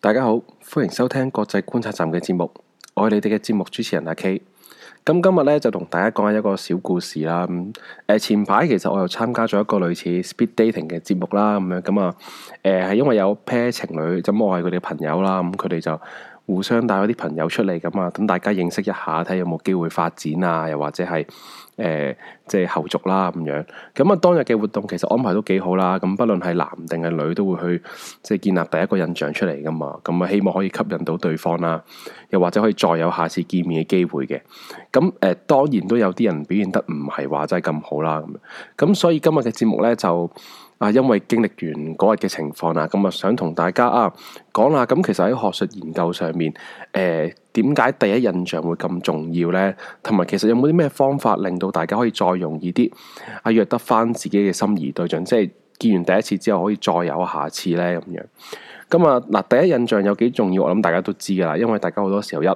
大家好，歡迎收聽國際觀察站嘅節目，我係你哋嘅節目主持人阿 K。咁今日咧，就同大家講下一個小故事啦。咁誒，前排其實我又參加咗一個類似 speed dating 嘅節目啦，咁樣咁啊，誒係因為有 pair 情侶，咁我係佢哋嘅朋友啦，咁佢哋就。互相帶嗰啲朋友出嚟㗎嘛，等大家認識一下，睇下有冇機會發展啊，又或者係誒、呃、即係後續啦咁樣。咁啊，當日嘅活動其實安排都幾好啦。咁不論係男定係女，都會去即係建立第一個印象出嚟㗎嘛。咁啊，希望可以吸引到對方啦，又或者可以再有下次見面嘅機會嘅。咁誒、呃，當然都有啲人表現得唔係話真係咁好啦。咁，咁所以今日嘅節目呢就。啊，因為經歷完嗰日嘅情況啊，咁啊想同大家啊講啦，咁其實喺學術研究上面，誒點解第一印象會咁重要呢？同埋其實有冇啲咩方法令到大家可以再容易啲啊約得翻自己嘅心儀對象，即係見完第一次之後可以再有下次呢？咁樣？咁啊嗱，第一印象有幾重要？我諗大家都知噶啦，因為大家好多時候一。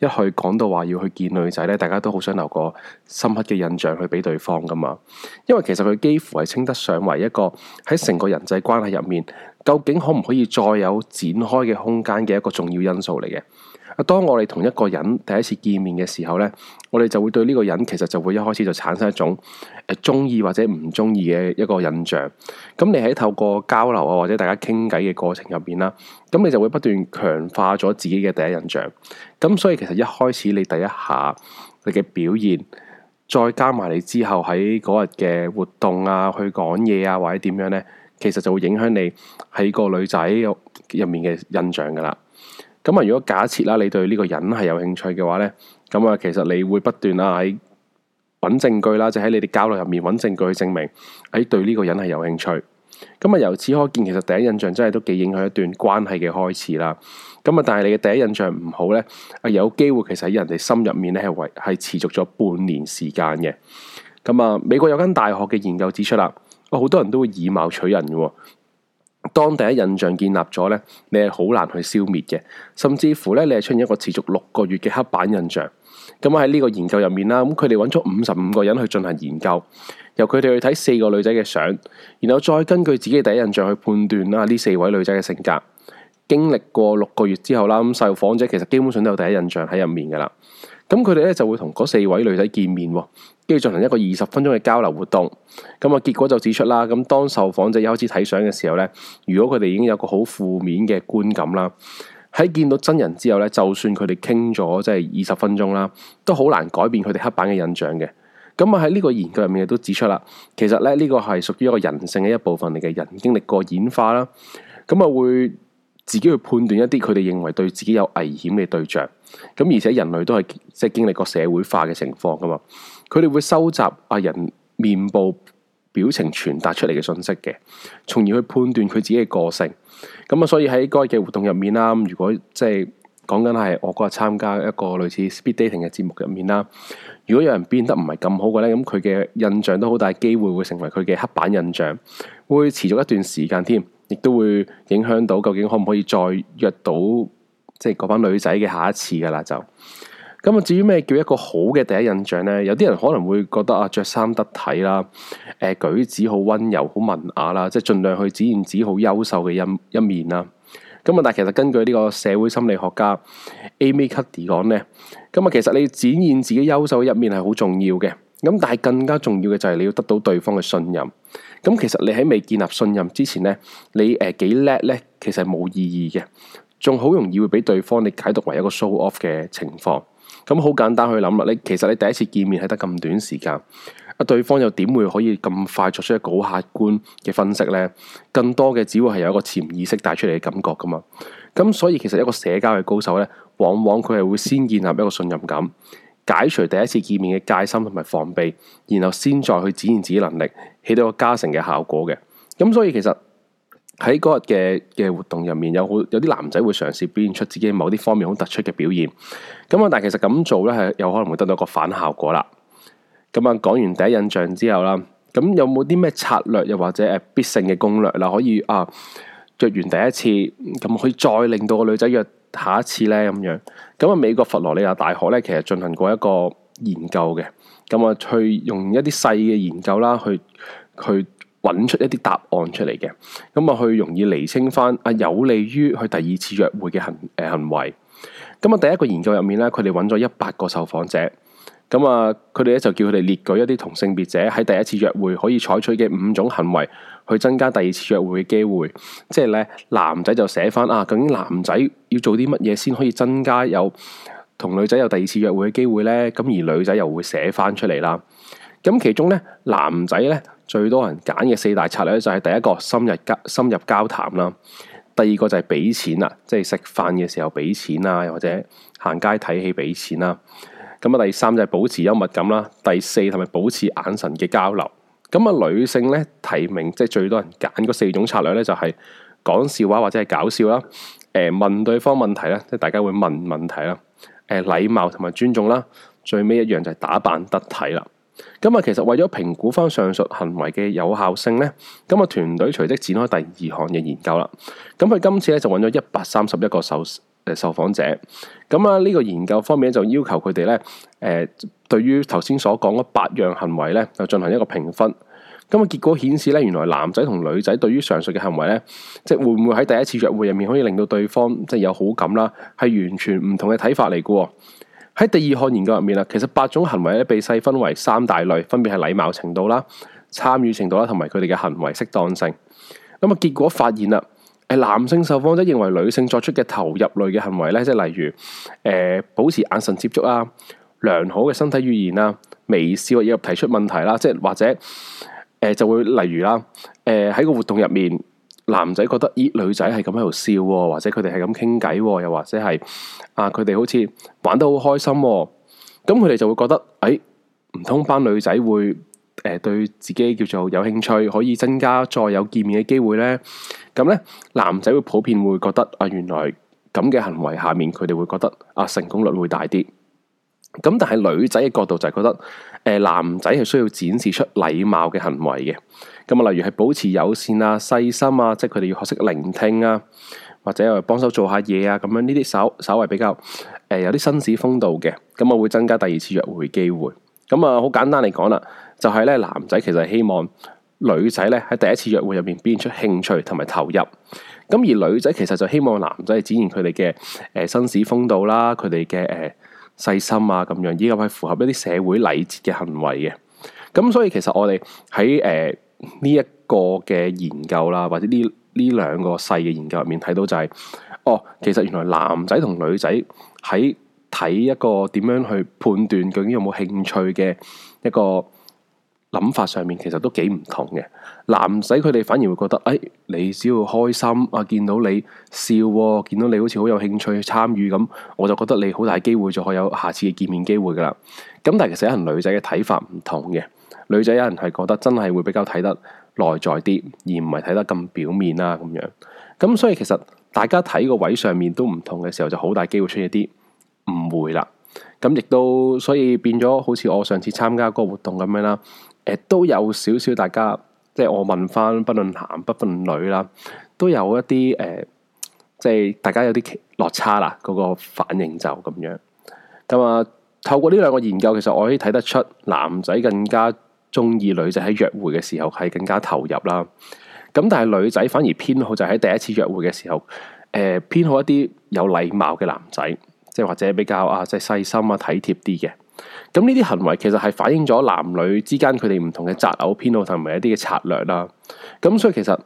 一去講到話要去見女仔呢，大家都好想留個深刻嘅印象去畀對方㗎嘛，因為其實佢幾乎係稱得上為一個喺成個人際關係入面，究竟可唔可以再有展開嘅空間嘅一個重要因素嚟嘅？啊，當我哋同一個人第一次見面嘅時候呢，我哋就會對呢個人其實就會一開始就產生一種誒中意或者唔中意嘅一個印象。咁你喺透過交流啊或者大家傾偈嘅過程入面啦，咁你就會不斷強化咗自己嘅第一印象。咁所以其實一開始你第一下你嘅表現，再加埋你之後喺嗰日嘅活動啊、去講嘢啊或者點樣呢？其實就會影響你喺個女仔入面嘅印象噶啦。咁啊，如果假設啦，你對呢個人係有興趣嘅話呢，咁啊，其實你會不斷啊喺揾證據啦，就喺你哋交流入面揾證據去證明喺對呢個人係有興趣。咁啊，由此可見，其實第一印象真係都幾影響一段關係嘅開始啦。咁啊，但係你嘅第一印象唔好呢，啊有機會其實喺人哋心入面咧係維繫持續咗半年時間嘅。咁啊，美國有間大學嘅研究指出啦。好多人都會以貌取人嘅喎，當第一印象建立咗呢，你係好難去消滅嘅，甚至乎呢，你係出現一個持續六個月嘅黑板印象。咁喺呢個研究入面啦，咁佢哋揾咗五十五個人去進行研究，由佢哋去睇四個女仔嘅相，然後再根據自己第一印象去判斷啦呢四位女仔嘅性格。經歷過六個月之後啦，咁受訪者其實基本上都有第一印象喺入面㗎喇。咁佢哋咧就會同嗰四位女仔見面，跟住進行一個二十分鐘嘅交流活動。咁啊，結果就指出啦，咁當受訪者一開始睇相嘅時候咧，如果佢哋已經有個好負面嘅觀感啦，喺見到真人之後咧，就算佢哋傾咗即係二十分鐘啦，都好難改變佢哋黑板嘅印象嘅。咁啊喺呢個研究入面亦都指出啦，其實咧呢個係屬於一個人性嘅一部分嚟嘅，人經歷過演化啦，咁啊會。自己去判斷一啲佢哋認為對自己有危險嘅對象，咁而且人類都係即係經歷過社會化嘅情況噶嘛，佢哋會收集啊人面部表情傳達出嚟嘅信息嘅，從而去判斷佢自己嘅個性。咁啊，所以喺該嘅活動入面啦，如果即係講緊係我嗰日參加一個類似 speed dating 嘅節目入面啦，如果有人變得唔係咁好嘅咧，咁佢嘅印象都好大機會會成為佢嘅黑板印象，會持續一段時間添。亦都會影響到，究竟可唔可以再約到即係嗰班女仔嘅下一次㗎啦？就咁啊！至於咩叫一個好嘅第一印象呢？有啲人可能會覺得啊，着衫得體啦，誒、呃、舉止好溫柔、好文雅啦，即係盡量去展現自己好優秀嘅一一面啊！咁啊，但係其實根據呢個社會心理學家 Amy Cuddy 講呢，咁啊，其實你展現自己優秀嘅一面係好重要嘅。咁但係更加重要嘅就係你要得到對方嘅信任。咁其實你喺未建立信任之前呢，你誒幾叻呢，其實係冇意義嘅，仲好容易會俾對方你解讀為一個 show off 嘅情況。咁、嗯、好簡單去諗啦，你其實你第一次見面係得咁短時間，啊對方又點會可以咁快作出一個好客觀嘅分析呢？更多嘅只會係有一個潛意識帶出嚟嘅感覺噶嘛。咁、嗯、所以其實一個社交嘅高手呢，往往佢係會先建立一個信任感。解除第一次見面嘅戒心同埋防備，然後先再去展現自己能力，起到個加成嘅效果嘅。咁所以其實喺嗰日嘅嘅活動入面，有好有啲男仔會嘗試表現出自己某啲方面好突出嘅表現。咁啊，但係其實咁做咧係有可能會得到個反效果啦。咁啊，講完第一印象之後啦，咁有冇啲咩策略又或者誒必勝嘅攻略啦，可以啊約完第一次，咁可以再令到個女仔約下一次呢，咁樣，咁啊美國佛羅里亞大學呢，其實進行過一個研究嘅，咁啊去用一啲細嘅研究啦，去去揾出一啲答案出嚟嘅，咁啊去容易釐清返啊有利於去第二次約會嘅行誒行為。咁啊第一個研究入面呢，佢哋揾咗一百個受訪者。咁啊，佢哋咧就叫佢哋列舉一啲同性別者喺第一次約會可以採取嘅五種行為，去增加第二次約會嘅機會。即係咧，男仔就寫翻啊，究竟男仔要做啲乜嘢先可以增加有同女仔有第二次約會嘅機會咧？咁而女仔又會寫翻出嚟啦。咁其中咧，男仔咧最多人揀嘅四大策略就係第一個深入交深入交談啦，第二個就係俾錢啦，即係食飯嘅時候俾錢啊，或者行街睇戲俾錢啊。咁啊，第三就係保持幽默感啦，第四同埋保持眼神嘅交流。咁啊，女性咧提名即係最多人揀嗰四種策略咧，就係、是、講笑話或者係搞笑啦，誒、呃、問對方問題啦，即係大家會問問題啦，誒、呃、禮貌同埋尊重啦，最尾一樣就係打扮得體啦。咁啊，其實為咗評估翻上，上述行為嘅有效性咧，咁啊，團隊隨即展開第二項嘅研究啦。咁佢今次咧就揾咗一百三十一個手。誒受訪者，咁啊呢個研究方面就要求佢哋呢，誒、呃、對於頭先所講嗰八樣行為呢，就進行一個評分。咁啊結果顯示呢，原來男仔同女仔對於上述嘅行為呢，即係會唔會喺第一次約會入面可以令到對方即係有好感啦，係完全唔同嘅睇法嚟嘅喎。喺第二項研究入面啊，其實八種行為咧被細分為三大類，分別係禮貌程度啦、參與程度啦，同埋佢哋嘅行為適當性。咁啊結果發現啦。誒男性受訪者認為女性作出嘅投入類嘅行為咧，即係例如誒、呃、保持眼神接觸啊、良好嘅身體語言啊、微笑或者提出問題啦，即係或者誒、呃、就會例如啦，誒、呃、喺個活動入面，男仔覺得咦女仔係咁喺度笑喎，或者佢哋係咁傾偈喎，又或者係啊佢哋好似玩得好開心，咁佢哋就會覺得誒唔通班女仔會。誒，對自己叫做有興趣，可以增加再有見面嘅機會呢。咁呢，男仔會普遍會覺得啊，原來咁嘅行為下面，佢哋會覺得啊，成功率會大啲。咁但係女仔嘅角度就係覺得，誒、啊，男仔係需要展示出禮貌嘅行為嘅。咁啊，例如係保持友善啊、細心啊，即係佢哋要學識聆聽啊，或者係幫手做下嘢啊，咁樣呢啲稍稍為比較誒、呃、有啲紳士風度嘅，咁啊會增加第二次約會機會。咁啊，好簡單嚟講啦。就係咧，男仔其實希望女仔咧，喺第一次約會入面表現出興趣同埋投入。咁而女仔其實就希望男仔係展現佢哋嘅誒紳士風度啦，佢哋嘅誒細心啊咁樣，依個係符合一啲社會禮節嘅行為嘅。咁所以其實我哋喺誒呢一個嘅研究啦，或者呢呢兩個細嘅研究入面睇到就係，哦，其實原來男仔同女仔喺睇一個點樣去判斷究竟有冇興趣嘅一個。諗法上面其實都幾唔同嘅。男仔佢哋反而會覺得，誒、哎、你只要開心啊，見到你笑，啊、見到你好似好有興趣去參與咁，我就覺得你好大機會就可以有下次嘅見面機會噶啦。咁但係其實有人女仔嘅睇法唔同嘅，女仔有人係覺得真係會比較睇得內在啲，而唔係睇得咁表面啦、啊、咁樣。咁所以其實大家睇個位上面都唔同嘅時候，就好大機會出現一啲誤會啦。咁亦都所以變咗，好似我上次參加嗰個活動咁樣啦。都有少少，大家即係我問翻，不論男不論女啦，都有一啲誒，即係大家有啲落差啦，嗰個反應就咁樣。咁啊，透過呢兩個研究，其實我可以睇得出男仔更加中意女仔喺約會嘅時候係更加投入啦。咁但係女仔反而偏好就喺第一次約會嘅時候，誒，偏好一啲有禮貌嘅男仔，即係或者比較啊，即係細心啊，體貼啲嘅。咁呢啲行為其實係反映咗男女之間佢哋唔同嘅擇偶偏好，同埋一啲嘅策略啦。咁所以其實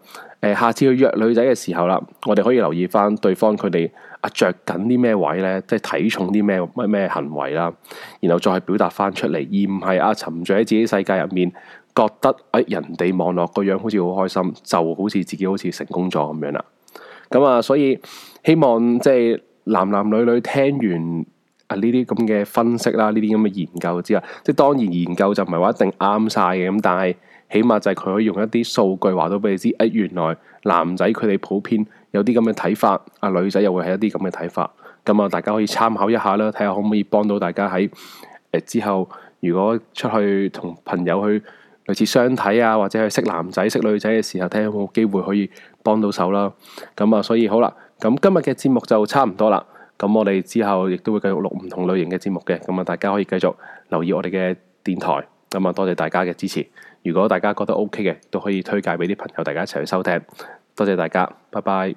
誒，下次去約女仔嘅時候啦，我哋可以留意翻對方佢哋啊着緊啲咩位咧？即係睇重啲咩咩咩行為啦，然後再去表達翻出嚟，而唔係啊沉醉喺自己世界入面，覺得誒人哋望落個樣好似好開心，就好似自己好似成功咗咁樣啦。咁啊，所以希望即係男男女女聽完。啊！呢啲咁嘅分析啦，呢啲咁嘅研究之下，即係當然研究就唔係話一定啱晒嘅咁，但係起碼就係佢可以用一啲數據話到俾你知，誒、啊、原來男仔佢哋普遍有啲咁嘅睇法，啊女仔又會係一啲咁嘅睇法，咁啊大家可以參考一下啦，睇下可唔可以幫到大家喺、啊、之後，如果出去同朋友去類似相睇啊，或者係識男仔識女仔嘅時候，睇下有冇機會可以幫到手啦。咁啊，所以好啦，咁今日嘅節目就差唔多啦。咁我哋之後亦都會繼續錄唔同類型嘅節目嘅，咁啊大家可以繼續留意我哋嘅電台，咁啊多謝大家嘅支持。如果大家覺得 OK 嘅，都可以推介畀啲朋友，大家一齊去收聽。多謝大家，拜拜。